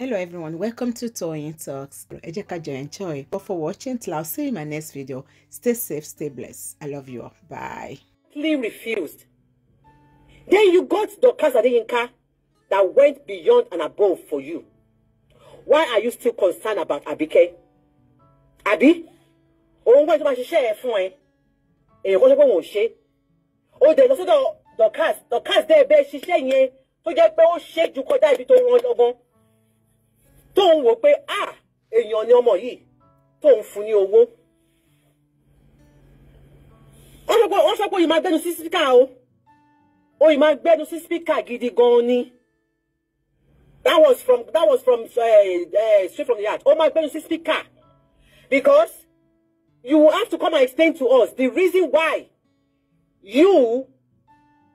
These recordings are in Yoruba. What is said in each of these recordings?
hello everyone welcome to Toyeen Talks ẹ jẹ́ ká enjoy but for watching till i'll see you in my next video stay safe stay blessed i love you all bye. refused then you got Dorcas Adeyinka that went beyond and above for you why are you still concerned about Abike abi òun gbọ́dọ̀ tó máa ṣiṣẹ́ ẹ̀ fún ẹ èèyàn kọ́ sọ pé òun ò ṣe ó dẹ̀ lọ sọ́dọ̀ Dorcas Dorcas dẹ́ ẹ bẹ́ẹ̀ ṣiṣẹ́ yẹn tó jẹ́ pé ó ṣe jù kọjá ibi tó rán lọ́gbọ́n tó ń wò pé ah èèyàn ni ọmọ yìí tó ń fún ní owó wọ́n sọ pé òyìn máa gbẹ́nu sí spíkà o òyìn máa gbẹ́nu sí spíkà gidi gan-an ni that was from that was from uh, uh, straight from the heart ó máa gbẹ́nu sí spíkà because you have to come and explain to us the reason why you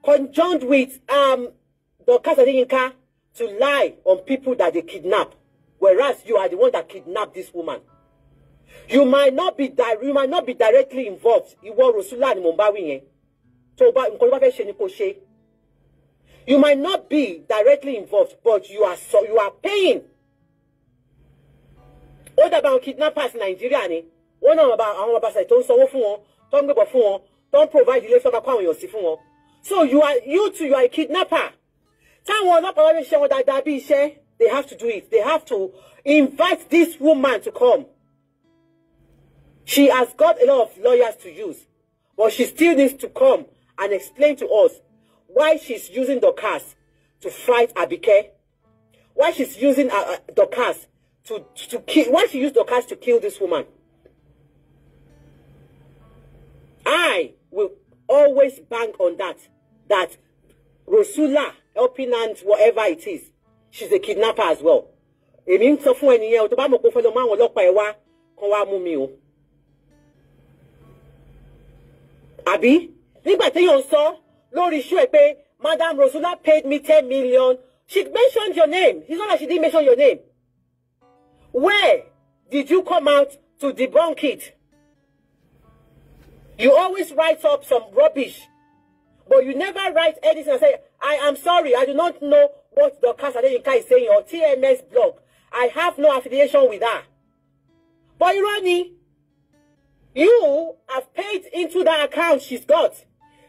conjoined with um, Dorcas Adeyinka to lie on people that they kidnap. Whereas you are the one that kidnapped this woman. You might not be you might not be directly involved. Ìwọ Rosula ni mò ń bá wí yẹn. Tó bá ni kó ṣe. You might not be directly involved, but you are so you are paying. Ó dàbí àwọn kidnappers Nàìjíríà ni. Wọ́n náà àwọn babasẹ̀ tó ń sanwó fún wọn, tó ń gbébọ̀ fún wọn, tó ń provide ilé sọ́ba kó àwọn èèyàn sí fún wọn. So you are you too you are a kidnapper. Táwọn ọlọ́pàá wá ṣe wọn dáadáa bí iṣẹ́. They have to do it. They have to invite this woman to come. She has got a lot of lawyers to use, but she still needs to come and explain to us why she's using the cars to fight Abike, why she's using uh, uh Dorcas to, to, to kill, why she used the cars to kill this woman. I will always bank on that, that Rosula, helping and whatever it is, she's a kidnapper as well èmi ń sọ fún ẹnìyẹn o tó bá mọ̀ pé ó fẹ́ lọ mọ àwọn ọlọ́pàá ẹ wá kán wá mú mi o àbí nígbà téèyàn sọ lórí iṣu ẹ pé madam Rosula paid me ten million she mentioned your name it's not like she didn't mention your name where did you come out to debunk it you always write up some rubbish But you never write anything and say, I am sorry, I do not know what Dr. Adeyinka is saying or TMS blog. I have no affiliation with that. But Irani, you have paid into that account she's got.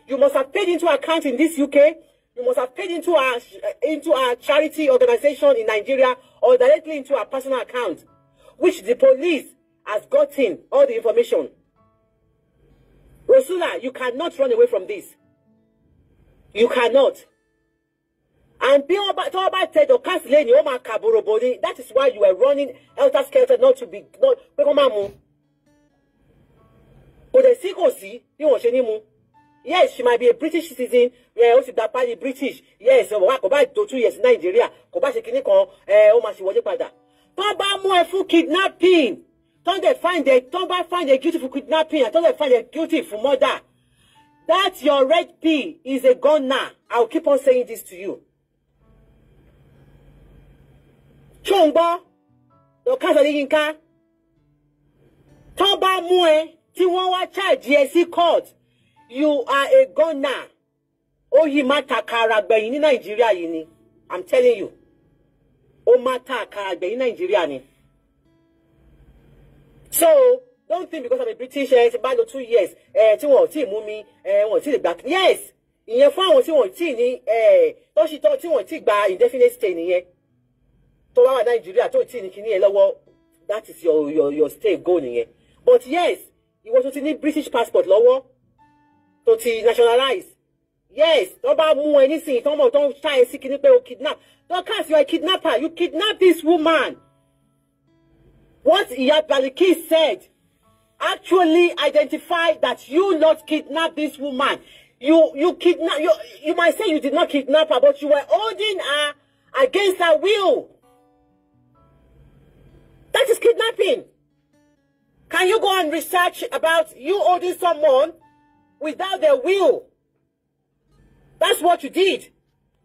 You must have paid into account in this UK. You must have paid into our into our charity organization in Nigeria or directly into our personal account, which the police has gotten all the information. Rosula, you cannot run away from this. you cannot and bí wọ́n bá tí wọ́n bá tẹjọ káàsì lẹ́yìn ó máa kà bòròbò that is why you were running helter skelter not to be not pé kó má mu kò dẹ̀ sí kò sí bí wọ́n ṣe ní mu yes she might be a british citizen ẹ ó sì gba pálí british yes ọ̀wá kò bá do two years nàìjíríà kò bá ṣe kinní kan ẹ eh, ó máa ṣe wọlé padà tó bá mú ẹ fún kidnapping tó ń find ẹ tó bá find ẹ guilty for kidnapping and tó ń find ẹ guilty for murder. That your red pill is a gun now. I'll keep on saying this to you. Chongbo, Dọ́kásọ̀ Adéyínká, in car. mú ẹ tí wọ́n wá charge GSC court, you are a gun now. yìí má ta kàrà gbẹ̀yìn Nigeria Nàìjíríà I'm telling you. Oh mata ta kàrà gbẹ̀yìn Nàìjíríà ni. So, don't think because i'm a british ẹ ti bá lò two years ẹ eh, tí wọn ò tí ì mú mi ẹ eh, wọn ò tí ì gbà yes ìyẹn fún àwọn tí wọn ò eh, tí ì ní ẹ tọ́sítọ́ tí wọn ò tí ì gba indefinite stay nìyẹn tó wá wà nàìjíríà tó ò tí ì ní kíní ẹ lọ́wọ́ that is your your your stay goal nìyẹn but yes ìwọ tó ti ní british passport lọ́wọ́ tó ti nationalize yes tó bá mú ẹ nísìnyí tó ń bọ̀ tó ń ṣá ẹ sí kíní pé o kidnap Dorcas you are a kidnapper you kidnap this woman what ìyá said. actually identify that you not kidnapped this woman. You you kidnap you you might say you did not kidnap her, but you were holding her against her will. That is kidnapping. Can you go and research about you holding someone without their will? That's what you did.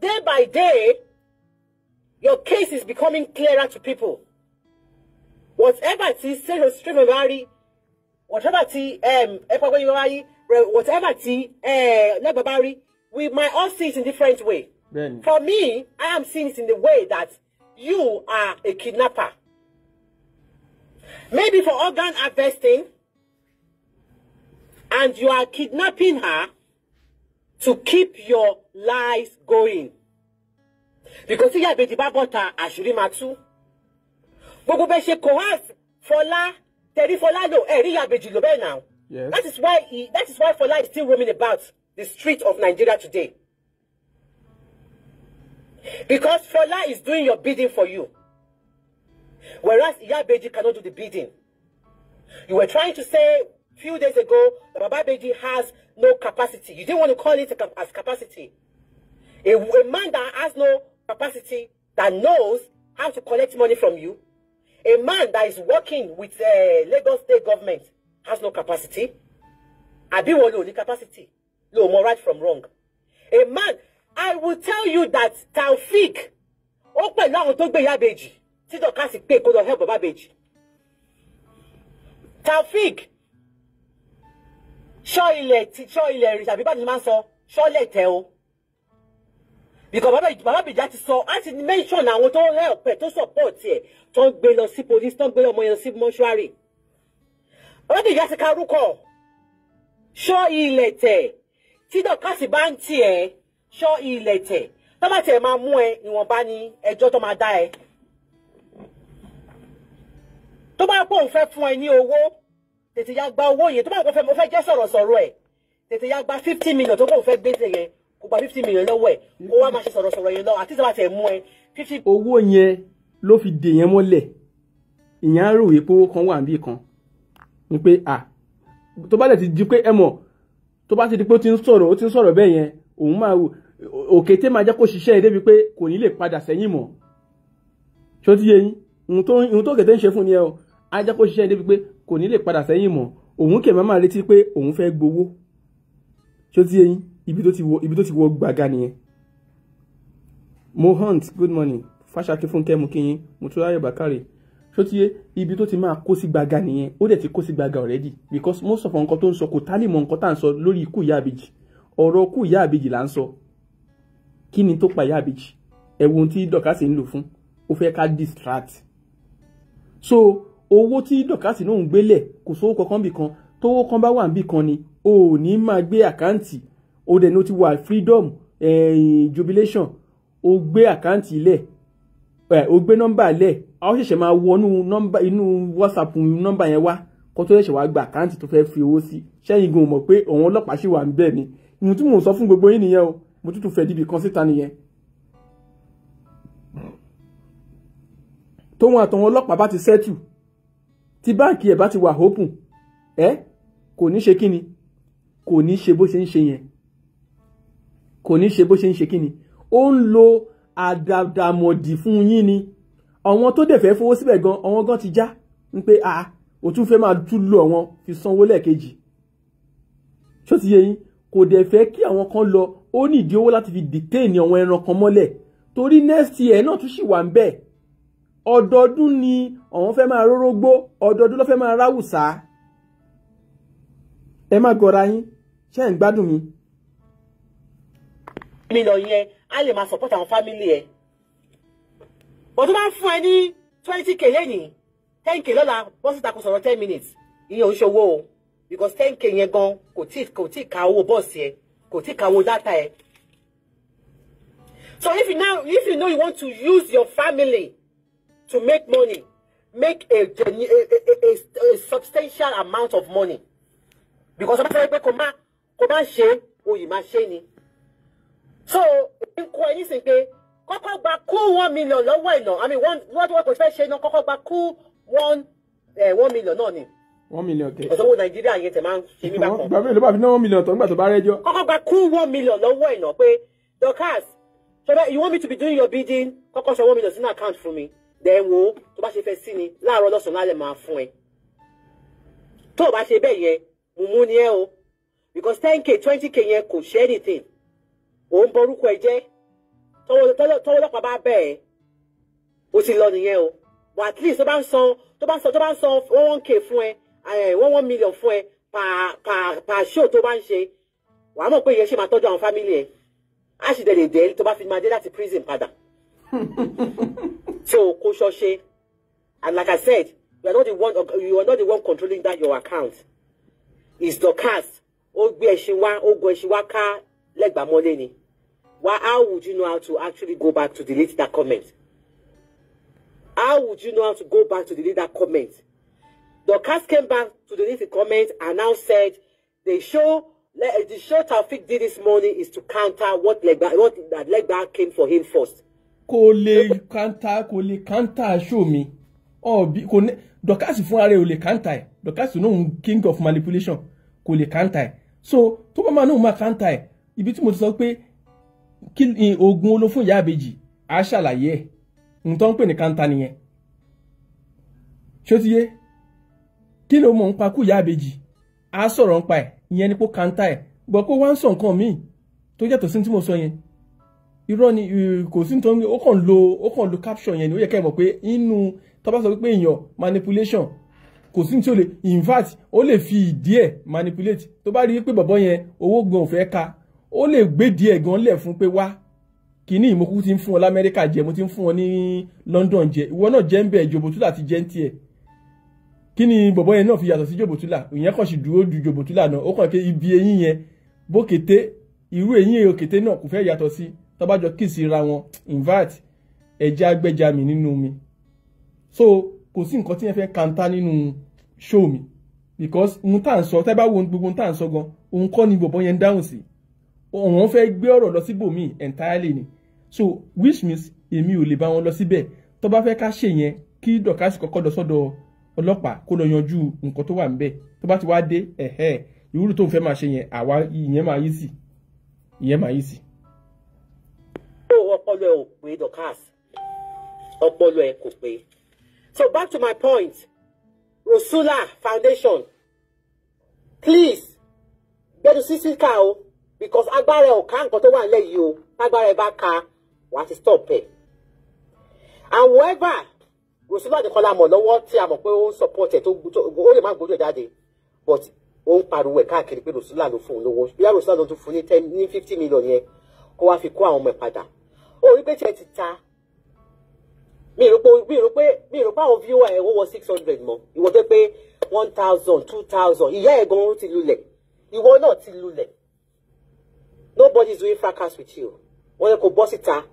Day by day, your case is becoming clearer to people. Whatever it is, say straight whatever ti ẹ pẹ́ pẹ́yìn wáyé whatever ti lẹ́gbẹ̀ẹ́ bá rí we might all see it in different way. Then. For me, I am seeing it in the way that you are a kidnapper. Maybe for organ harvesting, and you are kidnapping her to keep your lies going. Because ìyá ìbejì bá bọ́ta àṣírí máa tú. Gbogbo bẹ́ẹ̀ ṣe coerce Fọlá tẹ̀rí Fọlá lò ẹ̀rí Ìyábẹ̀jì lò bẹ́ẹ̀ náà. Yes. That is why he, that is why Fola is still roaming about the streets of Nigeria today. Because Fola is doing your bidding for you. Whereas Beji cannot do the bidding. You were trying to say a few days ago that Baba Beji has no capacity. You didn't want to call it as capacity. A, a man that has no capacity, that knows how to collect money from you, A man that is working with uh, Lagos state government has no capacity. Àbí wo ló ní capacity? Lo mọ right from wrong. A man, I will tell you that Taofik ó pẹ̀lú àwọn tó gbé ìyá bèjì tí dọ̀kásì pé kó lọ help Baba beji. Taofik ṣọ́ ilẹ̀ ti ṣọ́ ilẹ̀ rí tàbí bá ní máa ń sọ ṣọ́lẹ̀ tẹ o because bàbá bàbá bìjà ti sọ á ti mention àwọn tó help ẹ tó support ẹ To ń gbé lọ sí police tó ń gbé ọmọ yẹn sí mortuary bàbá bìjà ti karúkọ ṣọ́ ilẹ̀ tẹ̀ tí dọ̀kásì bá ń tiẹ̀ ṣọ́ ilẹ̀ tẹ̀ tó bá tiẹ̀ máa mú ẹ ìwọ̀nba ni ẹjọ́ tó máa dá ẹ tó bá pọ̀ ń fẹ́ fún ẹ ní owó tètè yá gba owó yẹn tó bá pọ̀ fẹ́ mo fẹ́ jẹ́ sọ̀rọ̀sọ̀rọ̀ ẹ̀ tètè yá gba fifty million tó pọ̀ ń fẹ́ gbé tẹ̀yẹn kó gba fifty million lọ́wọ́ ẹ̀ kó wá máa ṣe sọ̀rọ̀sọ̀rọ̀ yẹn lọ àti sábà tẹ̀ mú ẹ fifty. owó yẹn ló fi dè yẹn mọ́lẹ̀ ìyẹn á rò wí pé owó kan wà níbì kan ni pé à tó bá dẹ̀ ti di pé ẹ mọ̀ tó bá ti di pé ó ti ń sọ̀rọ̀ ó ti ń sọ̀rọ̀ bẹ́ẹ̀ yẹn òun máa òkété máa jẹ́ kó ṣiṣẹ́ ẹ débi pé kò ní lè padà sẹ́yìn mọ́ ṣó ti yé yín ohun tó kété ń ṣe fún ni ẹ o á jẹ́ kó ṣiṣẹ́ ẹ débi pé kò ní lè padà sẹ́yìn mọ́ òun kè má máa retí pé òun fẹ́ gbowó ṣó ti yé yín ibi tó ti wọ gbàgà nìyẹn mo hunt good morning fàṣàkí fúnkẹ́ mu kíyín mo tún ráyè bàkàrẹ̀ ṣótiyé ibi tó ti máa kó sí gbàgà nìyẹn ó dẹ̀ ti kó sí gbàgà already because most of nǹkan tó ń sọ kò tálè mọ nǹkan tá à ń sọ lórí ikú ìyá àbèjì ọ̀rọ̀ ikú ìyá àbèjì là ń sọ kí ni tó pa ìyá àbèjì ẹ̀wọ̀n tí dọ̀kásì ń lò fún ó fẹ́ ká distract so owó tí dọ̀kásì náà ń gbélẹ̀ kò sówó kankan bì kan tówó kan bá wà ń bì kan ni o ò ní máa gbé àkáǹtì ó dẹ̀ ní ó ti wà freedom eh, jubilation ó gbé àkáǹtì lẹ̀ ó eh, gbé nọ́mbà lẹ̀ a ó ṣẹ̀ṣẹ̀ máa wọnú nọ́mbà inú whatsapp nọ́mbà yẹn wá kó tó ṣẹ̀ṣẹ̀ wá gba àkáǹtì tó fẹ́ẹ́ fi owó sí sẹ́yìn gan mọ̀ pé òun ọlọ́pàá ṣì wà ń ni mo tún mò ń sọ fún gbogbo yín nìyẹn o mo tún tún fẹ́ dìbì kan síta nìyẹn. tóun àtàwọn ọlọ́pàá bá ti sẹ́tù tí báǹkì ẹ̀ bá ti wà open ẹ kò ní ṣe kíni kò ní ṣe bó ṣe ń ṣe yẹn kò ní ṣe bó ṣe ń ṣe kí ni ó ń lo àdàdàmọ̀dì fún yín ni àwọn tó dẹ̀ fẹ́ fowó síbẹ̀ gan àwọn gan ti já ń pé a ò tún fẹ́ máa tún lo àwọn fi sanwó lẹ́ẹ̀kejì ṣó ti yé yín kò dẹ̀ fẹ́ kí àwọn kan lọ ó nídìí owó láti fi dìtẹ́ẹ̀nì àwọn ẹran kan mọ́lẹ̀ torí next year náà tún ṣì wà ń bẹ̀ ọdọọdún ni àwọn fẹ́ máa rórógbó ọdọọdún ló fẹ́ máa ráwùsá ẹ má gọra yín ṣé ń gbádùn mi mílíọ̀n yẹn á lè máa support àwọn family. ẹ̀ bọ̀ tó bá ń fún ẹ ní twenty k lẹ́yìn ten k lọ́la bọ́ síta kò sọ̀rọ̀ ten minutes ìyẹn ò ń ṣòwò o because ten k yẹn gan kò tí kò tí ka owó bọ́ọ̀sì ẹ kò tí ka owó data ẹ so if you now if you know you want to use your family to make money make a genu a, a, a, a substantial amount of money because ọba sọ pé kò má kò má ṣe oyè má ṣe ni so n kọ ẹyin sì pé kọ́kọ́ gba cool one million lọ́wọ́ ìnà i mean one wọ́n tí wọ́n kò fẹ́ ṣe iná kọ́kọ́ gba cool one eh, one million náà ni. one million kẹ. ọ̀sán wo nàìjíríà yẹn tẹ̀ máa ń ṣe mí bá kan. gbàgbé ló bá fi ná one million tán nígbà tó bá rẹ́jọ́. kọ́kọ́ gba cool one million lọ́wọ́ ìnà pé Dorkas ṣọlá you want me to be doing your bidding kọ́kọ́ sọ one million sínú account fún mi then wo tó bá ṣe fẹ́ sí ni láàárọ̀ lọ́sàn-án lálẹ́ máa fún ẹ tó o bá ṣe bẹ́ẹ̀ yẹn mùmú ni ẹ o because ten k twenty k yẹn kò ṣe anything ò ń ẹ jẹ́ tọ́wọ́ ọlọ́pàá bá bẹ̀ o ti lọ nìyẹn o but at least tó bá ń san tó bá ń san tó bá ń san one one k fún ẹ eh, one one million fún ẹ pa pa pa show tó bá ń ṣe wàá mọ̀ pé ìyẹn ṣe máa tọ́jú àwọn fámìlì ẹ̀ á sì dẹ̀ lè dẹ̀ tó bá fi máa dé láti prison padà so kò ṣọṣe and like I said you are not the one you are not the one controlling that your account it's the cast ó gbé ẹṣin wá ó gun ẹṣin wá ká lẹ́gbàá mọ́lé ni why, how would you know how to actually go back to delete that comment? How would you know how to go back to delete that comment? The cast came back to delete the comment and now said the show the show Taufik did this morning is to counter what Legba what that Legba came for him first. Kò lè kántà kò lè kántà show me. Ọ̀bí kò ní Dorcas fúnra rẹ̀ ò lè kántà ẹ̀. Dorcas náà king of manipulation kò lè kántà ẹ̀. So tó bá máa náà máa kántà ẹ̀ ibi tí mo ti sọ pé kí ni oògùn olófò ìyá àbèjì á ṣàlàyé ẹ̀ ohun tó ń pè ní káńtà nìyẹn ṣótiyé kí ló mọ̀ ń pa kú ìyá àbèjì á sọ̀rọ̀ ń pa ẹ̀ ìyẹn ni pé káńtà ẹ̀ gbọ́ pé wá ń sọ nǹkan míì tó yàtọ̀ sí tí mo sọ yẹn irọ́ ni kò sí nítorí ó kàn lo ó kàn lo caption yẹn ni ó yẹ ká ẹ mọ̀ pé inú tó bá sọ pé èèyàn manipulation kò sí ní tí ó lè in fact ó lè fi ìdí ẹ̀ manipulate tó bá rí pé bọ̀bọ̀ yẹn owó gan fẹ́ ka ó lè gbédìí ẹ̀gàn lẹ̀ fún pé wá kínní ìmọ̀kú ti ń fún ọ lamẹ́ríkà jẹ mo ti ń fún ọ ní London jẹ ìwọ náà jẹ́ ń bẹ̀ jòbótúlà ti jẹ́ ń tiẹ̀ kí ni bọ̀bọ́ yẹn náà fi yàtọ̀ sí jòbótúlà ìyẹn kàn sì dúró du jòbótúlà náà ó kàn pé ibi eyín yẹn bó kété irú eyín òkété náà kò fẹ́ yàtọ̀ sí tọ́bájọ kìsì ra wọn invert ẹja agbẹ́ja mi nínú mi so kò sí nǹkan tí yẹn fẹ́ kanta nínú show mi because ohun tá à ń sọ tẹ́ bá wo gbogbo ohun tá à ń sọ gan ohun kọ́ ni bọ̀bọ́ yẹn dáhùn sí òun fẹ́ gbé ọ̀rọ̀ lọ síbòmíì entirely ni so which means èmi ò lè bá wọn lọ síbẹ̀ tó bá fẹ́ ká ṣe yẹn kí dọ̀kásì kọ́kọ́ lọ sọ́dọ̀ ọlọ́pàá kó lọ yanjú nǹkan tó wà ń bẹ̀ tó bá ti wá dé ẹ̀hẹ́ ìwúlò tó ń fẹ́ máa ṣe yẹn àwa ìyẹn máa yí sí ìyẹn máa yí sí. ó ọpọlọ ẹ ò pé dọkásì ọpọlọ ẹ kò pé so back to my point Rosula Foundation please gbẹdùn e sí síkà o because agbára ẹ̀ ò ká nǹkan tó wà nílẹ̀ yìí o agbára ẹ̀ bá ka wàá ti stop ẹ̀. and whoever Rosemary Adekola mọ̀ lọ́wọ́ tí a mọ̀ pé ó ń support ẹ̀ tó ó lè má gbójú ẹ̀ jáde but ó ń pariwo ẹ̀ káàkiri pé Rosemary ló fún un lówó bí Rosemary ló tún fún ní ten ní fifty million yẹn kó wá fi kó àwọn ọmọ ẹ̀ padà ó rí pé tiẹ̀ ti ta mi rò pé mi rò pé mi rò pé àwọn viewer ẹ̀ wọ́n six hundred mọ́ ìwọ pé pé one thousand two thousand ìyá ẹ̀ gan ó ti lulẹ̀ ìwọ náà ti lulẹ̀ nobody's doing fracas with you wọ́n yẹ kó bọ́ síta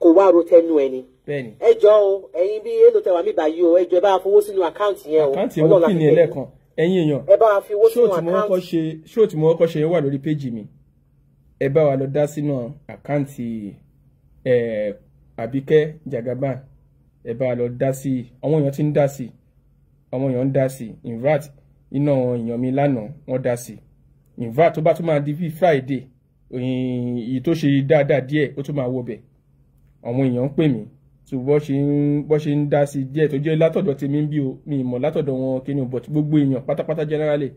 kó wá ro tẹnu ẹni. bẹ́ẹ̀ni. ẹ jọ o ẹ̀yin bí èlò tẹwàá mi báyìí o ẹ jọ ẹ bá wa fowó sínú àkáǹtì yẹn o. àkáǹtì mo kí ni ẹlẹ́kan ẹ̀yin èèyàn ẹ bá wa fowó sínú àkáǹtì. ṣóòtù mo kọ́kọ́ ṣe wà lórí péjì mi ẹ bá wa lọ dá sínú àkáǹtì ẹ àbíkẹ́ jagaban ẹ bá wa lọ dá sí i àwọn èèyàn ti ń dá sí i àwọn èèyàn ń dá sí i in fact iná èèyàn mi lánàá wọ́n dá sí i in fact tó bá tún máa di bíi Friday èyí tó ṣe dáadáa díẹ̀ ó tún máa wọbẹ̀ àwọn èèyàn ń pè mí tó bọ́ ṣe ń bọ́ ṣe ń dá sí díẹ̀ tó jẹ́ látọ̀dọ̀ tèmi bí o mi mọ̀ látọ̀dọ̀ wọn kíni but gbogbo èèyàn pátápátá generally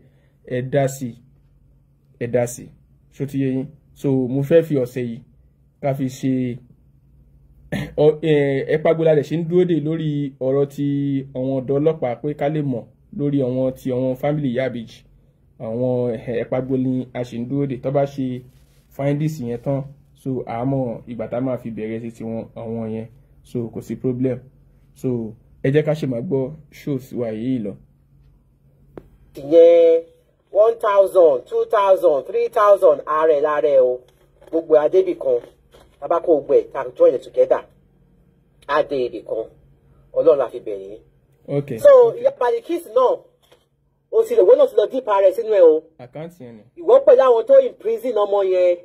ẹ dá sí ẹ dá sí ṣó ti yé yín so mo fẹ́ fi ọ̀sẹ̀ yìí ká fi ṣe ẹ pagbola rẹ̀ ṣe ń dúró dè lórí ọ̀rọ̀ ti àwọn ọ̀dọ́ ọlọ́pàá pé ká lè mọ̀ lórí àwọn ti àwọn family yabage àwọn ẹ̀pàgbolin a ṣe ń dúró dè tó bá ṣe findings yẹn tán so àmọ́ ìgbà tá a máa fi bẹ̀rẹ̀ sí tiwọn àwọn yẹn so kò sí problem so ẹ jẹ́ ká ṣe máa gbọ́ shows wa yìí lọ. ìyẹn one thousand two thousand three thousand ààrẹ láàrẹ o gbogbo adébì kan tabako gbẹ ta join it together adé ibì kan ọlọ́run la fi bẹ̀rẹ̀ yẹn. okay so ìyá Pali Kiss náà. No o sì lè wọ́n náà ti lọ dípa rẹ̀ sínú ẹ̀ o. àkáǹtì yẹn ni. ìwọ pẹ̀lú àwọn tó in prison ọmọ yẹn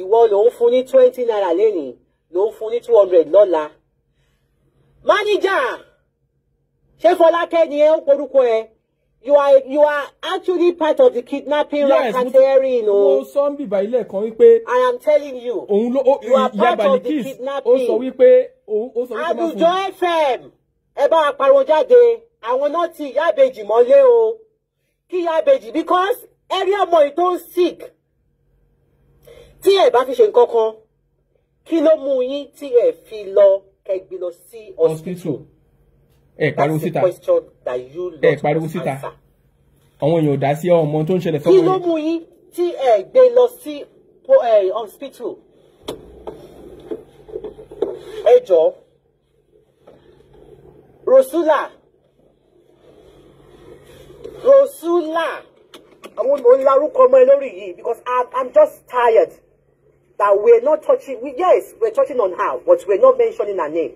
ìwọ ló ń fún ní twenty naira lẹ́nìí ló ń fún ní two hundred lọ́la. máníjà ṣé fọlákẹ́ ni ẹ ń porúkọ ẹ you are you are actually part of the kidnapping yes, racketeering o. mo sọ ń bìbà ilé ẹ̀kan wípé. I am telling you. òun ló o ìyá Balikis ó sọ wípé ó sọ wípé máa fún. àdùjọ FM ẹ bá pariwo jáde àwọn náà ti ìyá àbèjì mọ́lé o kí ìyá àbèjì because ẹrí ọmọ yìí tó ń sick tí ẹ bá fi ṣe nǹkan kan kí ló mú yín tí ẹ fi lọ kẹgbẹ lọ sí hospital ẹ pariwo síta ẹ pariwo síta àwọn èèyàn ò dá sí ọmọ tó ń ṣẹlẹ̀ sọ́wọ́ yìí kí ló mú yín tí ẹ gbé lọ sí eh, hospital ẹ jọ Rosula. Rosula I mò ń larúkọ ọmọ ẹ lórí yìí because I, I'm just tired that we're not touching we yes we're touching on her but we're not mentioning her name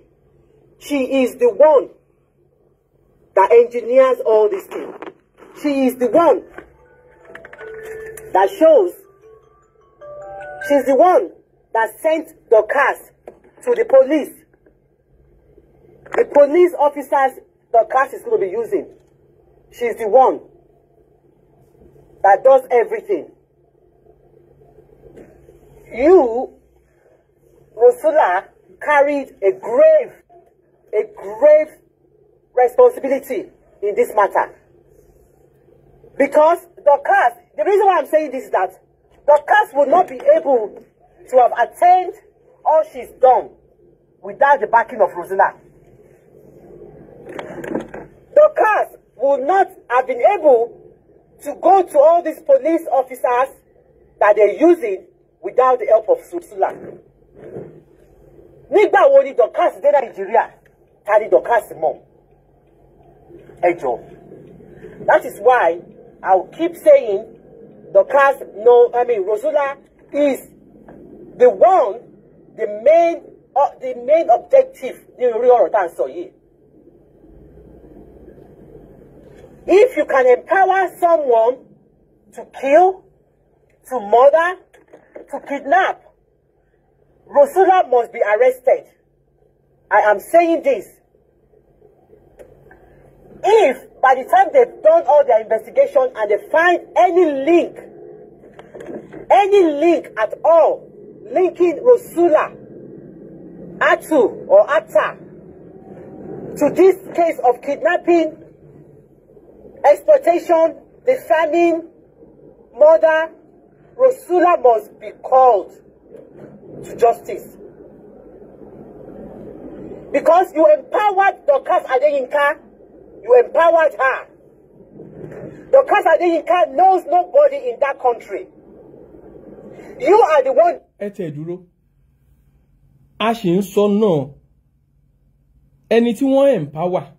she is the one that engineers all this thing she is the one that shows she's the one that sent the cars to the police the police officers the cars is going to be using She's the one that does everything. You, Rosula, carried a grave, a grave responsibility in this matter. Because the cast, the reason why I'm saying this is that the cast will not be able to have attained all she's done without the backing of Rosula. The cast would not have been able to go to all these police officers that they're using without the help of Sula. Nígbà wo ni Dorcas dé Nàìjíríà? Ta ni Dorcas mọ̀? Ẹ jọ̀ọ́. That is why I'll keep saying Dorcas, no, I mean, Rosula is the one, the main, uh, the main objective ní orí ọ̀rọ̀ tá à ń If you can empower someone to kill, to murder, to kidnap, Rosula must be arrested. I am saying this. If by the time they've done all their investigation and they find any link, any link at all, linking Rosula, Atu or Atta to this case of kidnapping exploitation, the famine, murder, Rosula must be called to justice. Because you empowered Dorcas Adeyinka, you empowered her. Dorcas Adeyinka knows nobody in that country. You are the one. Ẹ tẹ̀ dúró. A ṣì ń sọ empower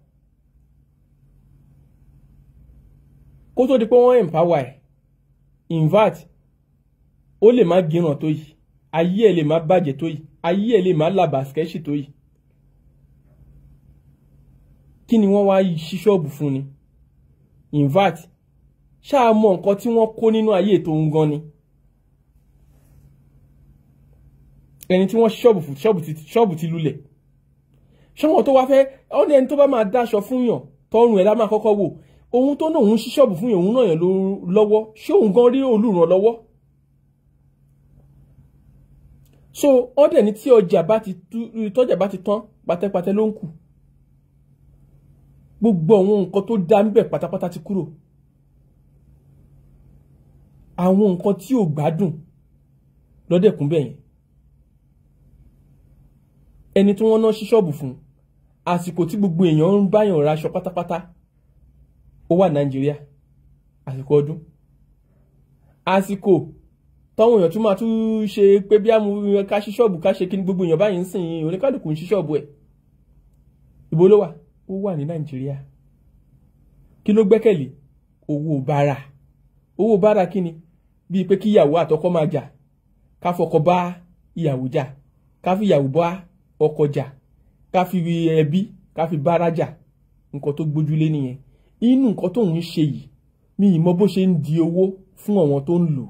kó tó di pé wọ́n empower ẹ̀ in fact ó lè má gíràn tó yìí ayé ẹ̀ lè má bàjẹ́ tó yìí ayé ẹ̀ lè má làbàskẹ́ṣì tó yìí kí ni wọ́n wá ṣí ṣọ́ọ̀bù fún ni in fact ṣáà mọ nǹkan tí wọ́n kó nínú ayé tó ń ni ẹni tí wọ́n ṣọ́ọ̀bù fún ṣọ́ọ̀bù ti lulẹ̀ ṣọ́wọ́n tó wá fẹ́ ọ́n ẹni tó bá máa dáṣọ fún yàn tọrùn ẹ̀ lá máa kọ́kọ́ wò ohun tó náà òun ṣí ṣọ́ọ̀bù fún òun náà yẹn lọ́wọ́ ṣé òun gan rí olùràn lọ́wọ́ so ọ̀dẹ̀ ni tí ọjà bá ti tọ́jà bá ti tán pátápátá ló ń kù gbogbo àwọn nǹkan tó dá ń bẹ̀ pátápátá ti kúrò àwọn nǹkan tí ò gbádùn lọ́dẹ̀kùn bẹ́ẹ̀ yẹn ẹni tí wọ́n ná ṣí fún àsìkò tí gbogbo èèyàn ń báyàn raṣọ pátápátá ó wà nàìjíríà àsìkò ọdún àsìkò tọ́wọ́n èèyàn tún máa tún ṣe pé bí àmú ká ṣí ṣọ́ọ̀bù ká ṣe kí ni gbogbo èèyàn báyìí ń sìn oníkálùkù ń ṣí ṣọ́ọ̀bù ẹ̀ ibo ló wà ó wà ní nàìjíríà kí ló gbẹ́kẹ̀lé owó bára owó bára kí ni bíi pé kí ìyàwó àtọkọ máa jà ká fọkọ bá ìyàwó jà ká fi ìyàwó bá ọkọ jà ká fi ẹbí ká fi bára jà nǹkan tó gbójúlé nìyẹn inú nǹkan tóun ń ṣe yìí mi ì mọ bó ṣe ń di owó fún àwọn tó ń lò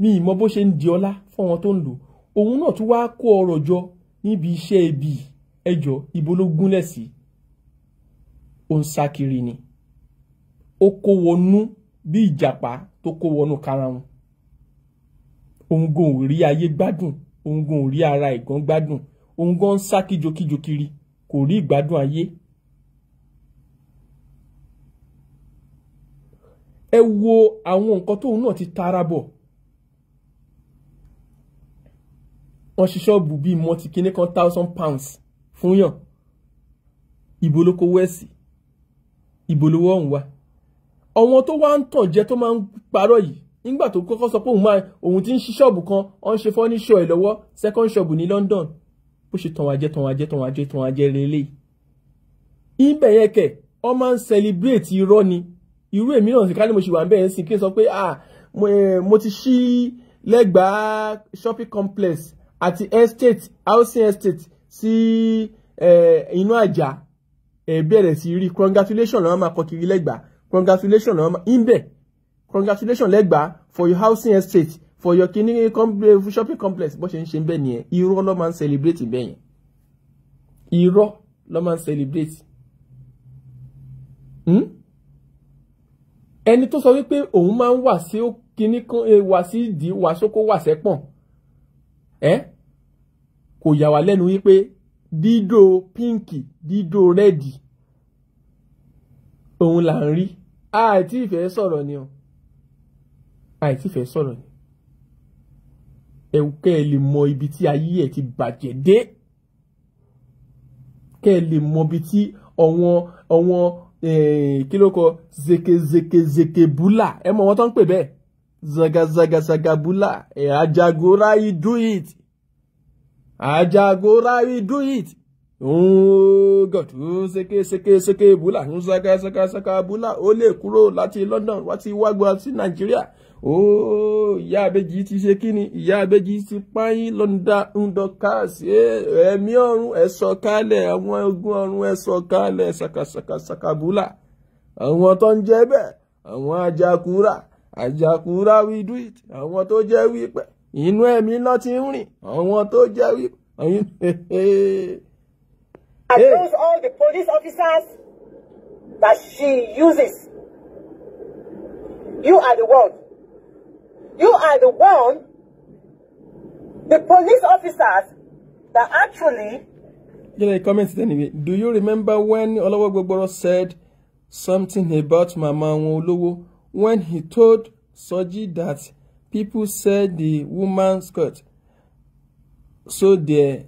mi ì mọ bó ṣe ń di ọlá fún àwọn tó ń lò òun náà tún wáá kó ọrọ̀ jọ níbi iṣẹ́ ibi ẹjọ́ ibo ló gúnlẹ̀ sí ó ń sá kiri ni ó kó wọnú bí ìjàpá tó kó wọnú karahun òun gan ò rí ayé gbádùn òun gan ò rí ara ẹ̀gán gbádùn òun gan ń sá kíjokíjo kiri kò rí ìgbádùn ayé ẹ wo àwọn nǹkan tóun náà ti tara bọ̀ wọ́n ṣí ṣọ́ọ̀bù bíi mọ́tì kíní kan thousand pounds fún yàn ìbò ló kó wẹ́ẹ̀sì ìbò ló wọ́n wá ọ̀wọ́n tó wá ń tàn jẹ tó máa ń parọ́ yìí nígbà tó kọ́kọ́ sọ pé òun máa òun ti ń ṣí ṣọ́ọ̀bù kan ó ń ṣe fọ́níṣọ́ ẹ̀ lọ́wọ́ second ṣọ́ọ̀bù ní London bó ṣe tàn wá jẹ tàn wá jẹ tàn wá jẹ tàn wá jẹ lélẹ́yìí ibẹ̀ ọ máa ń celebrate irọ́ ni irú èmi náà sì ká ní mo ṣì wà bẹ́ẹ̀ sí kí n sọ pé ah mo eh, ti ṣí lẹ́gbàá shopping complex àti estate housing estate sí eh, inú àjà ẹ bẹ̀rẹ̀ sí rí congratulation lọ́wọ́ máa kọ kiri lẹ́gbàá congratulation lọ́wọ́ máa ń bẹ̀ congratulation lẹ́gbàá for your housing estate for your kini eh, shopping complex bó ṣe ń ṣe bẹ́ẹ̀ nìyẹn irọ́ ló máa ń celebrate bẹ́ẹ̀ yẹn irọ́ ló máa ń celebrate. Hmm? ẹni tó sọ wípé òun máa ń wà sí kíní kan eh, wà sí ìdí wà sóko wà sẹ́pọ̀n ẹ kò yà wá lẹ́nu wípé dídò pínkì dídò rẹ́dì òun là ń rí àìtí ìfẹ́ sọ̀rọ̀ ni o àìtí ìfẹ́ sọ̀rọ̀ ni ẹ kẹ́ ẹ lè mọ ibi tí ayé ẹ ti bàjẹ́ dé kẹ́ ẹ lè mọ ibi tí ọ̀wọ́n ọ̀wọ́n Eh, kí ló kọ zekezekezekebula ẹ mọ wọn tó ń pè bẹ́ẹ̀ zagazagasagabula ẹ eh, ajagora you do it ajagora you do it òun oh, god òun oh, sekesekeseke bula òun oh, zagazagasagabula ó lè kúrò láti London wá ti wá gba sí Nàìjíríà ooo ìyá abẹ́jì ti ṣe kí ni ìyá abẹ́jì ti páyín lọ́nda ndọ́kàsí ẹ̀mí ọ̀run ẹ sọ̀kalẹ̀ àwọn ogun ọ̀run ẹ sọ̀kalẹ̀ ṣàkàṣàkàṣàkàbúlà àwọn tó ń jẹ́ bẹ́ẹ̀ àwọn ajakura ajakura we do it àwọn tó jẹ́ wípé inú ẹ̀mí náà ti ń rìn àwọn tó jẹ́ wípé. Against all the police officers that she uses, you are the one You are the one, the police officers, that actually... You know, comments anyway. Do you remember when Olawa Gbogboro said something about Mama Nwolowo when he told Soji that people said the woman's skirt so there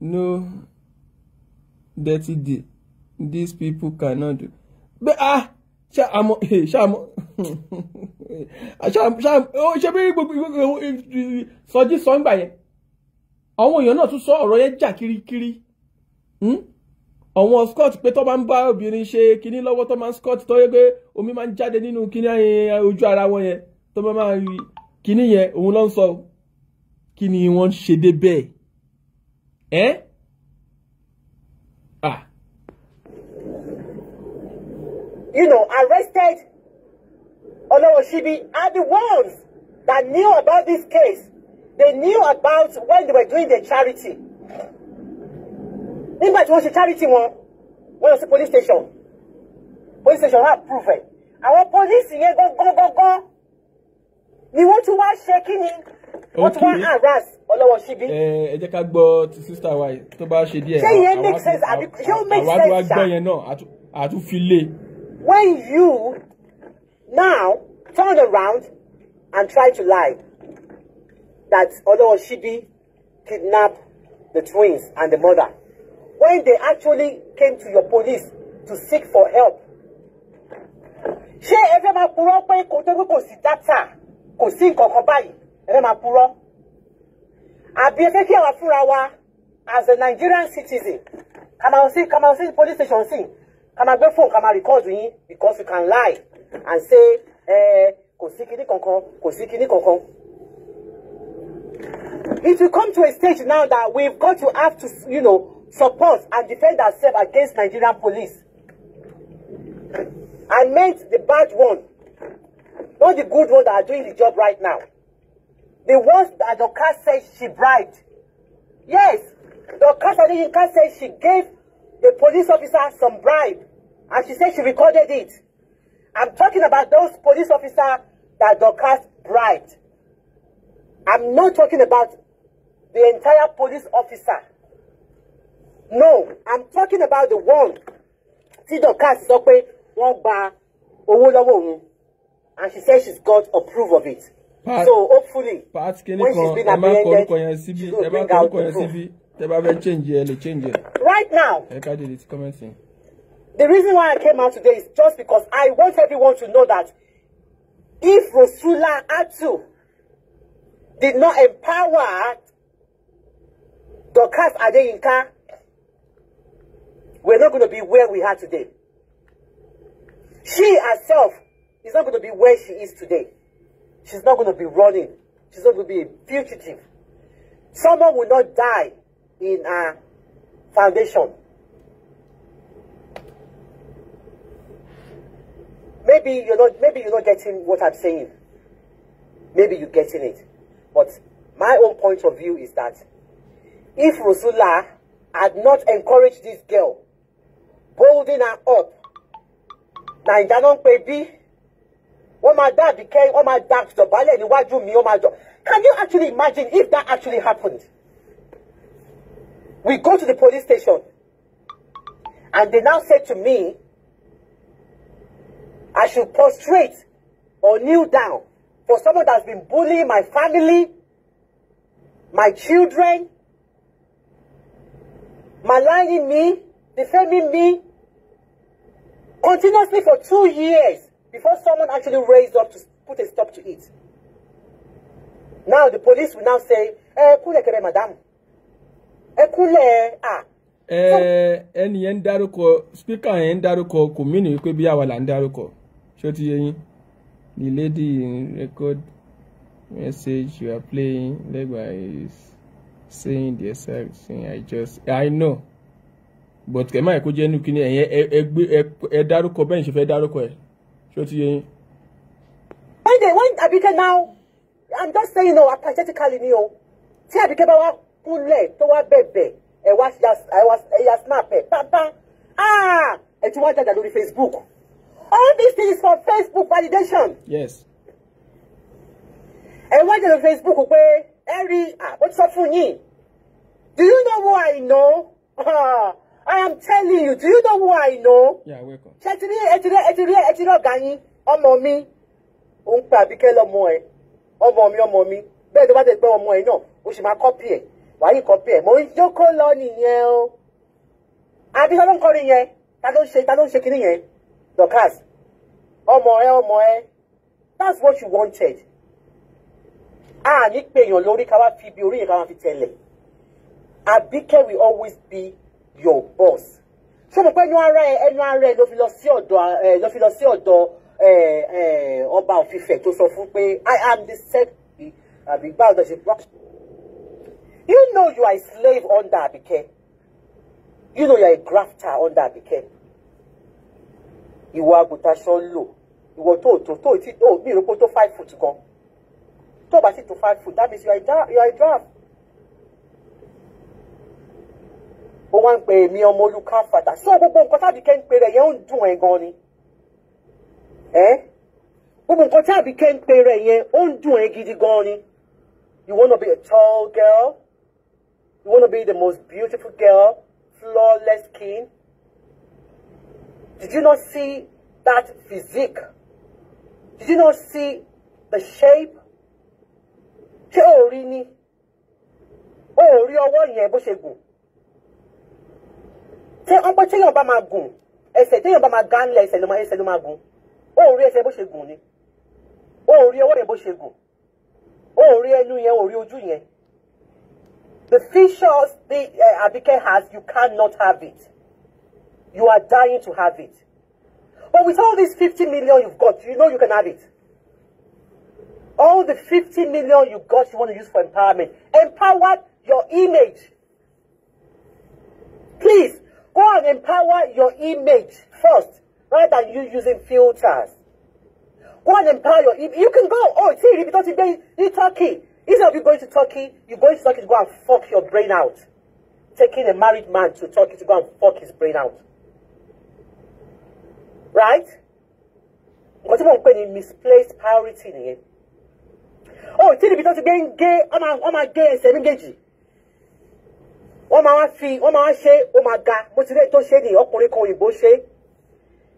no that these people cannot do. But ah, ṣàmọ ṣàmọ ṣàmọ ṣe bí gbogbo sọjí sọ ń gbà yẹn àwọn èèyàn náà tún sọ ọ̀rọ̀ yẹn jà kirikiri hmm? àwọn scott pé tó bá ń bá obìnrin ṣe kinní lọ́wọ́ tó máa ń scott tó yẹ pé omi máa ń jáde nínú kinní eh, ojú ara wọn yẹn tó máa máa rí kinní yẹn òun ló ń sọ kí ni ṣe dé bẹ́ẹ̀ you know, arrested Olowoshibi are the ones that knew about this case. They knew about when they were doing the charity. Nígbà tí wọ́n ṣe charity wọn, wọ́n lọ sí police station. Police station wá approve ẹ̀. Àwọn police yẹn gángan ni wọ́n tún wá ṣe kí ni wọ́n tún wá harass Olowoshibi. Ẹ jẹ́ ká gbọ́ ti sister wa tó bá ṣe díẹ̀. Ṣé yẹn make sense àbí ṣé ó make sense ṣá? Àwọn àgbà gbọ́ yẹn náà àtúnfilé. When you now turn around and try to lie that Olowoshibi kidnapped the twins and the mother, when they actually came to your police to seek for help, ṣé ẹ fẹ́ máa purọ́ pé kò tó pé kò sí dátà kò sí nǹkan kan báyìí ẹ fẹ́ máa purọ́ àbí ẹ fẹ́ kí àwa fúnra wa as a Nigerian citizen kàmáwó sí kàmáwó sí police station sí ká máa gbé phone? ká máa record yín because you can lie and say eh, kò sí kinní kankan kò sí kinní kankan. It will come to a stage now that we've got to have to you know, support and defend ourselves against Nigerian police. I meant the bad one, not the good one that are doing the job right now. The ones that Doka said she bribed. Yes, Doka Sadiyinka said she gave the police officer some bribe. And she said she recorded it. I'm talking about those police officers that Dorcas bribed. I'm not talking about the entire police officer. No, I'm talking about the one See Dorcas sọ pé wọ́n gba owó lọ́wọ́ and she said she's got approve of it. Pat, so hopefully, Pat, when she's been apprehended, she will bring out the proof tẹ́ bá fẹ́ change ẹ lè change ẹ. right now. ẹ ká dé létí comment the reason why I came out today is just because I want everyone to know that if Rosula Atu did not empower Dorcas Adeyinka, we're not going to be where we are today. She herself is not going to be where she is today. She's not going to be running. She's not going to be a fugitive. Someone will not die in her foundation. Maybe you're not maybe you're not getting what I'm saying. Maybe you're getting it. But my own point of view is that if Rosula had not encouraged this girl, holding her up, na ìjà náà ń pè bí wọ́n máa dá àbíkẹ́ wọ́n máa dá dọ̀bálẹ̀ níwájú mi wọ́n máa dọ̀. Can you actually imagine if that actually happened? We go to the police station. And they now said to me, I should prostrate or kneel down for someone that's been bullying my family, my children, maligning me, defaming me, continuously for two years before someone actually raised up to put a stop to it. Now the police will now say, eh, madam, ẹ kúnlẹ̀ à. ẹni yẹn ń dárúkọ spíkà yẹn ń dárúkọ kò mí nìyí pé bí àwa là ń dárúkọ ṣó ti yé yín the lady in record message you are playing legba is saying the exact thing i just i know but kẹ̀ máa kó jẹ́ inú kíní ẹ̀yẹn ẹ gbé ẹ dárúkọ bẹ́ẹ̀ ṣe fẹ́ dárúkọ ẹ̀ ṣó ti yé yín. when they when Abike now i'm just saying no apathetically ni o tí Abike bá wà kúnlẹ̀ tó wá bẹ̀bẹ̀ ẹ wá ẹ snap ẹ pátá ah! ẹ ti wá jàjà lórí Facebook all these things for Facebook validation. Yes. ẹ wá jàjà lórí Facebook pé ẹ rí ó ti sọ fún yín do you know who I know? Uh, I am telling you do you know who I know? Yeah, welcome. ṣe ti rí ẹ ti rí ẹ ti rí ẹ ti rí ọ̀gá yín ọmọ mi òun pa Àbíkẹ́ lọ́mọ ẹ ọmọ mi ọmọ mi bẹ́ẹ̀ tó bá ti gbọ́ ọmọ ẹ náà o sì máa kọ́pì ẹ̀ wàyí kan bí ẹ mò lọ nìyẹn o àbí sọlọ́n kọrin yẹn ta ló ń ṣe ta ló ń ṣe kinní yẹn Dorkas ọmọ ẹ ọmọ ẹ that's what you wanted àní pèèyàn lórí ká wá fi ibi orí yẹn ká wá fi tẹ̀lẹ̀ Àbíkẹ́ will always be your boss ṣé mo pé ẹnu ara ẹ ẹnu ara ẹ ló fi lọ sí ọ̀dọ̀ ẹ ló fi lọ sí ọ̀dọ̀ ọba òfìfẹ́ tó sọ fún pé i am the secretary àbí gbàgbọ́dọ̀ ṣe know you are a slave under Abike. You know you are a grafter under Abike. Ìwà àgùntàn aṣọ ń lò. Ìwọ to, tó tó tí ó mi ìrókò tó five foot gan. Tó bá sì tó five foot that means you are you are a draft. Ó wá ń pe èmi ọmọ olùkà fàtà. So gbogbo nǹkan tábì kẹ́ ń pe rẹ̀ yẹn ó ń dùn ẹ̀ gan ni. Ẹ́ gbogbo nǹkan tábì kẹ́ ń pe rẹ̀ yẹn ó ń dùn gidi gan ni. You wanna be a tall girl? You want to be the most beautiful girl, flawless skin. Did you not see that physique? Did you not see the shape? Ṣé o rí ni? O rí ọwọ́ yẹn bó ṣe gùn. Ṣé ọpẹ́ téèyàn bá máa gùn? Ẹsẹ̀ téèyàn bá máa gánlẹ̀ ẹsẹ̀ ló máa gùn. O rí ẹsẹ̀ bó ṣe gùn ni. O rí ọwọ́ yẹn bó ṣe gùn. O rí ẹnu yẹn, o rí ojú yẹn. The features the uh, Abike has, you cannot have it. You are dying to have it. But with all these 50 million you've got, you know you can have it. All the 50 million you got, you want to use for empowerment. Empower your image. Please, go and empower your image first, rather than you using filters. Go and empower your image. You can go, oh, see, because you don't Turkey. Instead of you going to Turkey, you're going to Turkey to go and fuck your brain out. Taking a married man to Turkey to go and fuck his brain out. Right? Because you mo ń pè misplaced priority nìyẹn. Ó oh, tí níbi tó ti gbé ń gé wọ́n máa gé ẹsẹ̀ méjèèjì. Wọ́n gay. Oh my wọ́n oh my ṣe oh my god, bó ti lè tó ṣe ní ọkùnrin kan òyìnbó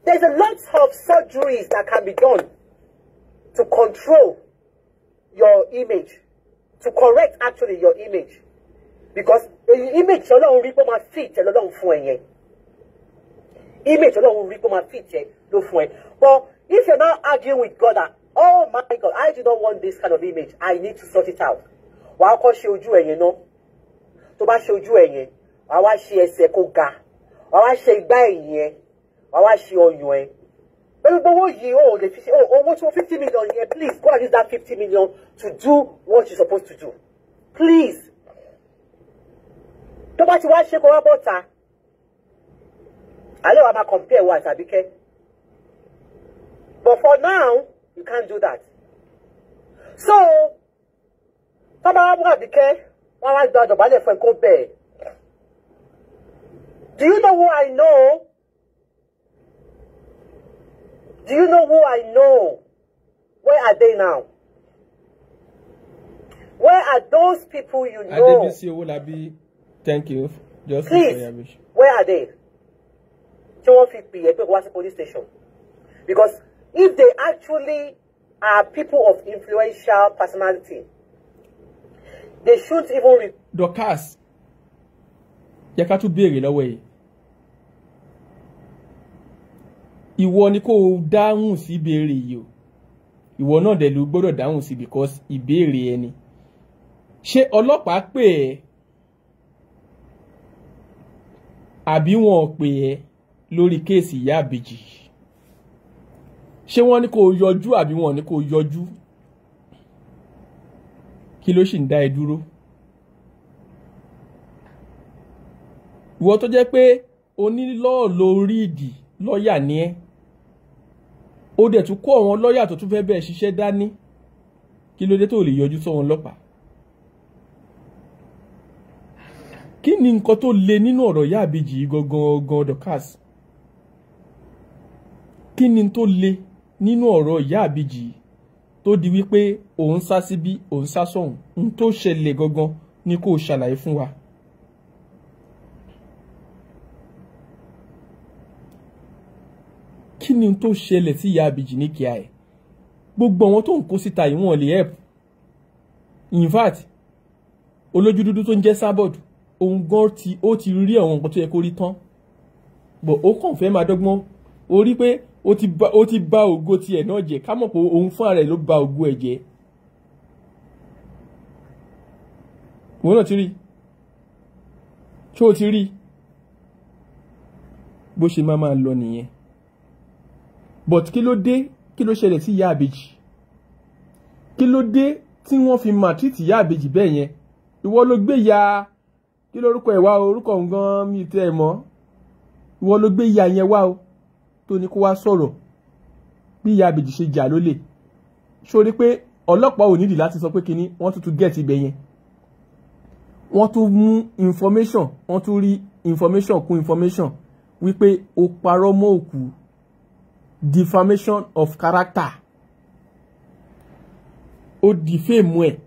There's a lot of surgeries that can be done to control your image to correct actually your image because èyí image ọlọ́run rí pé ó máa fit ẹ lọ́lọ́run fún ẹ image ọlọ́run rí pé ó máa fit ẹ ló fún but if you're not arguing with God that oh my God I do not want this kind of image I need to sort it out Why kọ́ ṣe ojú ẹ yẹn náà tó bá ṣe ojú ẹ yẹn wàá wá ṣe ẹsẹ̀ kó ga wàá wá ṣe igbá ẹ̀yìn ẹ wàá wá ṣe ọyàn gbogbo yìí o lè fi oh owó tí wọ́n fifty million Yeah, please go and use that fifty million to do what you supposed to do please tó bá ti wá ṣe kó wá bọ́ ta alẹ́ compare wa tàbí kẹ́ but for now you can't do that so tó bá wá mú àbíkẹ́ wọ́n wá gba àjọ̀bálẹ̀ fún ẹ kó bẹ̀ẹ́ do you know who I know? Do you know who I know? Where are they now? Where are those people you know? Adebisi Owolabi, thank you. Just Please, where are they? Tí wọ́n fi pè é pé wá sí police station. Because if they actually are people of influential personality, they shouldn't even. Dorcas, yẹ ká tún béèrè lọ́wọ́ yìí. ìwọ ni kó o dáhùn sí ìbéèrè yìí o ìwọ náà dẹ̀ ló gbọ́dọ̀ dáhùn sí because ìbéèrè ẹni ṣé ọlọ́pàá pè ẹ́ àbí wọn ò pè ẹ́ lórí kéèsì ìyá àbèjì ṣé wọ́n ní kó o yọjú àbí wọn ò ní kó o yọjú kí ló sì ń dá ẹ dúró ìwọ tó jẹ́ pé onílọ́ọ̀ lórí ìdì lọ́ọ̀yà ni ẹ́ ó dẹ̀ tún kó àwọn lọ́ọ̀yà tó tún fẹ́ bẹ́ẹ̀ ṣiṣẹ́ dání kí ló dé tó lè yọjú sọ́wọ́n lọ́pàá kí ni nǹkan tó le nínú ọ̀rọ̀ ìyá àbèjì yìí gangan gan kí ni tó le nínú ọ̀rọ̀ ìyá àbèjì yìí tó di wípé òun sá síbí òun sá sọ́hùn n tó ṣẹlẹ̀ gangan ni kó ṣàlàyé fún wa. kí ni tó ṣẹlẹ̀ sí ìyá àbíjì ní kíá ẹ̀ gbogbo àwọn tó ń kó síta yìí wọn lè help in fact olójú dúdú tó ń jẹ́ sábọ̀dù òun gan ti ó ti rí àwọn nǹkan tó yẹ kó rí tán bọ̀ ó kàn fẹ́ máa dọ́gbọ́n ó rí pé ó ti ba ó ti ba ògo tiẹ̀ náà jẹ́ ká mọ̀ pé òun fúnra rẹ̀ ló ba ògo ẹ̀ jẹ́ òun náà ti rí ṣé o ti rí bó ṣe máa máa lọ nìyẹn but kí ló dé kí ló ṣẹlẹ̀ sí ìyá àbèjì kí ló dé tí wọ́n fi máa tìtì ìyá àbèjì bẹ́ẹ̀ yẹn ìwọ ló gbé ya kí lórúkọ ẹ̀ wá o orúkọ nǹkan mi tẹ́ ẹ mọ́ ìwọ ló gbé ya yẹn wá o tó ní kó wá sọ̀rọ̀ bí ìyá àbèjì ṣe jà lólè sórí pé ọlọ́pàá ò nídìí láti sọ pé kinní wọ́n tún tún gẹ̀ẹ́tì ibẹ̀ yẹn wọ́n tún mú information wọ́n tún rí information kún information wípé ó parọ́ mọ́ òkú defamation of character ó defame ẹ̀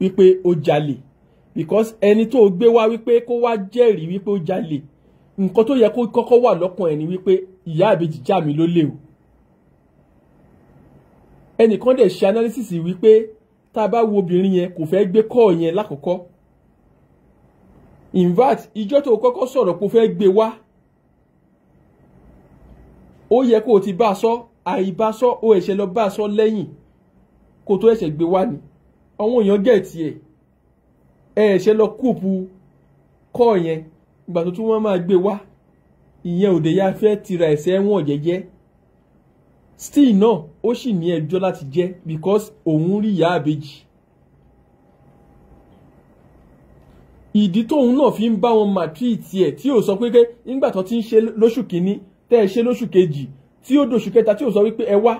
wípé o jalè because ẹni tó gbé wá wípé kó wá jẹ́rìí wípé ó jalè nǹkan tó yẹ kó kọ́kọ́ wà lọ́kàn ẹ̀ ni wípé ìyá àbèjì já mi lólè o ẹnìkan dẹ̀ ṣe analysis wípé tá a bá wo obìnrin yẹn kò fẹ́ gbé kọ́ yẹn lákọ̀ọ́kọ́ in fact ìjọ́ tó kọ́kọ́ sọ̀rọ̀ kó fẹ́ gbé wá ó yẹ kó o ti bá a sọ àìbá sọ ó ẹ̀ṣẹ̀ lọ bá a sọ lẹ́yìn kó tó ẹ̀ṣẹ̀ gbé wá ni àwọn èèyàn gẹ̀ẹ́tì ẹ̀ ẹ̀ṣẹ̀ lọ kúùpù kọ́ yẹn ìgbà tó tún wọ́n máa gbé wá ìyẹn òde ya fẹ́ tira ẹ̀ṣẹ̀ wọn jẹ́jẹ́ still náà ó sì ní ẹjọ́ láti jẹ́ because òun rí ìyá àbèjì ìdí tóun náà fi ń bá wọn màtírì tiẹ̀ tí ò sọ pé pé nígbà tó ti ń ṣe lóṣù kínní tẹ́ ẹ ṣe lóṣù kejì tí ó dòṣù kẹta tí ò sọ wípé ẹ wá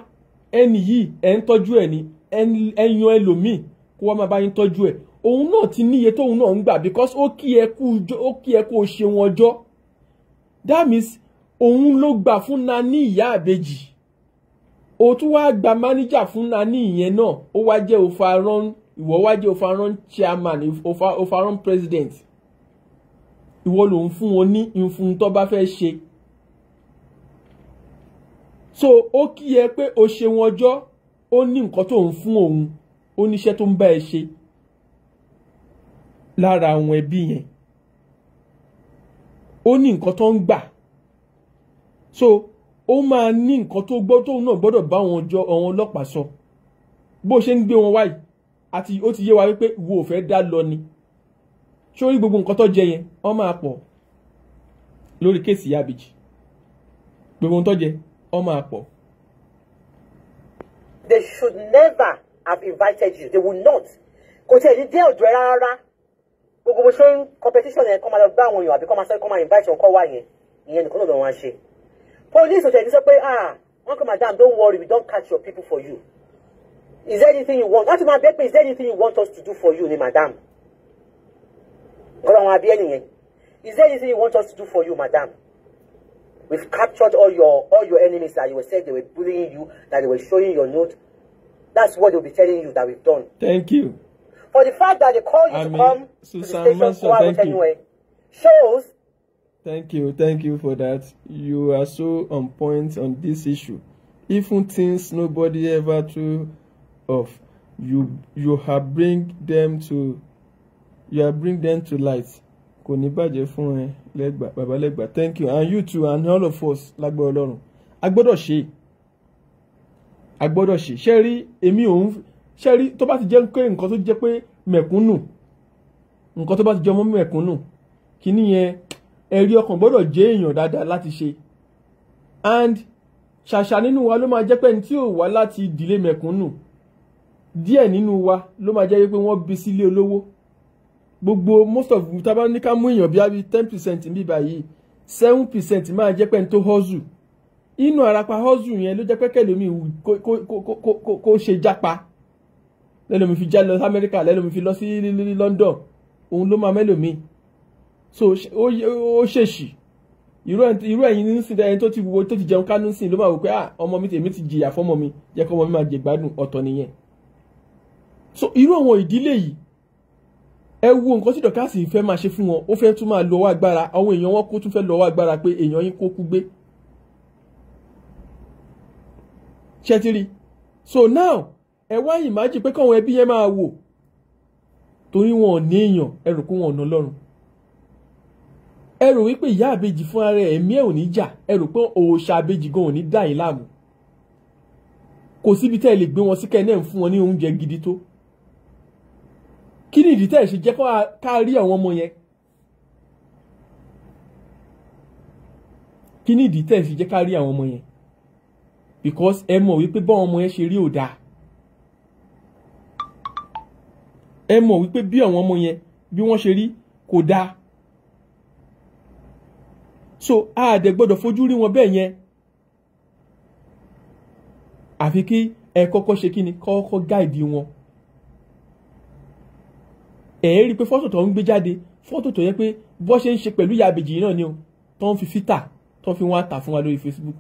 ẹni yìí ẹ ń tọ́jú ẹ ni ẹ yan ẹlòmíì kó wá máa bá yín tọ́jú ẹ òun náà ti níye tóun náà ń gbà because ó kí ẹ kó o ṣe wọn jọ that means òun ló gbà fún nani ìyá àbejì ó tún wá gba mánéjà fún nani ìyẹn náà ó wá jẹ́ òfarán ìwọ wá jẹ́ òfarán chairman òfarán president ìwọ lòun fún wọn ní ìfun tó bá fẹ́ ṣe so ó kí ẹ pé o ṣeun ọjọ́ ó ní nǹkan tó ń fún òun ó níṣẹ́ tó ń bá ẹ ṣe lára àwọn ẹbí yẹn ó ní nǹkan tó ń gbà so ó máa ní nǹkan tó gbọ́ tóun náà gbọ́dọ̀ bá àwọn ọjọ́ àwọn ọlọ́pàá sọ bó ṣe ń gbé wọn wáyìí àti ó ti yé wa wípé wo ò fẹ́ dá lọ ni sórí gbogbo nǹkan tó jẹ yẹn wọ́n máa pọ̀ lórí kéèsì yabiji gbogbo nǹkan tó jẹ ọ máa pọ̀. they should never have invited you they will not kò tí ẹ ní dé ọ̀dọ̀ ẹ rárá gbogbo bó ṣe ń competition yẹn kọ́ máa lọ gbá àwọn èèyàn àbí kọ́ máa sọ kọ́ máa invite wọn wá yẹn ìyẹn nìkan lọ́dọ̀ wọn á ṣe police ọ̀tẹ̀ ní sọ pé ah wọn kọ́ madam don't worry we don't catch your people for you is there anything you want láti máa bẹ́ pé is there anything you want us to do for you ni madam ọ̀rọ̀ àwọn abẹ́ nìyẹn is there anything you want us to do for you madam. We've captured all your all your enemies that you were saying they were bullying you, that they were showing your note. That's what they'll be telling you that we've done. Thank you. For the fact that they call you I to mean, come Susan to the station Manson, anyway shows. Thank you, thank you for that. You are so on point on this issue. Even things nobody ever threw off, you you have bring them to you have bring them to light kò ní bàjẹ́ fún ẹ lẹ́gbà bàbá lẹ́gbà thank you and you too and all of us lágbára ọlọ́run a gbọ́dọ̀ ṣe a gbọ́dọ̀ ṣe ṣe rí èmi òun ṣe rí tó bá ti jẹ́ pé nǹkan tó jẹ́ pé mẹ̀kúnnù nǹkan tó bá ti jẹ́ ọmọ mẹ̀kúnnù kíní yẹn ẹ̀rí ọkàn gbọ́dọ̀ jẹ́ èèyàn dáadáa láti ṣe and ṣàṣà nínú wa ló máa jẹ́ pé ẹni tí ò wá láti ìdílé mẹ̀kúnnù díẹ̀ nínú wa ló máa jẹ́ pé wọ́n bí sílé olówó gbogbo most of tá bá ní ká mú èèyàn bí i ten percent níbí báyìí seven percent máa jẹ́ pẹ́ ń tó hustle inú arapa hustle yẹn ló jẹ́ pé kẹlòmíì kó ṣe jápa lẹ́lòmíì fi já lọ sí Amẹ́ríkà lẹ́lòmíì fi lọ sí London òun ló máa mẹ́lòmíì so ó ṣèṣì irú ẹ̀yin nísìnyí ẹni tó ti wo tó ti jẹun kánú sí ló máa wò pé ah, ọmọ mi tèmi ti jìyà fọmọ mi jẹ́ kọ́ ọmọ mi máa jẹ gbádùn ọ̀tọ̀ nìyẹn so irú àwọn ìdílé yìí ẹ wo nǹkan tí dọ̀kásì fẹ́ máa ṣe fún wọn ó fẹ́ tún máa lo agbára àwọn èèyàn wọn kó tún fẹ́ lo agbára pé èèyàn yín kó kú gbé ṣe so now ẹ wá ìmájì pé káwọn ẹbí yẹn máa wò torí wọn ò ní èèyàn ẹ rò pé wọn ò ná lọ́rùn ẹ rò wípé ìyá àbejì fún ara ẹ̀mí ẹ̀ ò ní jà ẹ rò pé òòṣà àbejì gan ò ní dà yín láàmú kò síbi tẹ́ ẹ lè gbé wọn sí kẹ́ ẹ náà fún wọn ní oúnjẹ gidi tó kí ni ìdí tẹ́ ẹ̀ ṣe jẹ́ ká rí àwọn ọmọ yẹn kí ni ìdí tẹ́ ẹ̀ ṣe jẹ́ ká rí àwọn ọmọ yẹn because ẹ mọ̀ wípé báwọn ọmọ yẹn ṣe rí ò dáa ẹ mọ̀ wípé bí àwọn ọmọ yẹn bí wọ́n ṣe rí kò dáa so àdẹ gbọ́dọ̀ fojú rí wọn bẹ́ẹ̀ yẹn àfi kí ẹ kọ́kọ́ ṣe kí ni kọ́kọ́ gáìdì wọn ẹ̀ ẹ́ rí i pé fọ́tò tó ń gbé jáde fọ́tò tó yẹ pé bó ṣe ń ṣe pẹ̀lú ìyá àbèjì náà ni o tó ń fi fítà tó fi wọn àtà fún wa lórí Facebook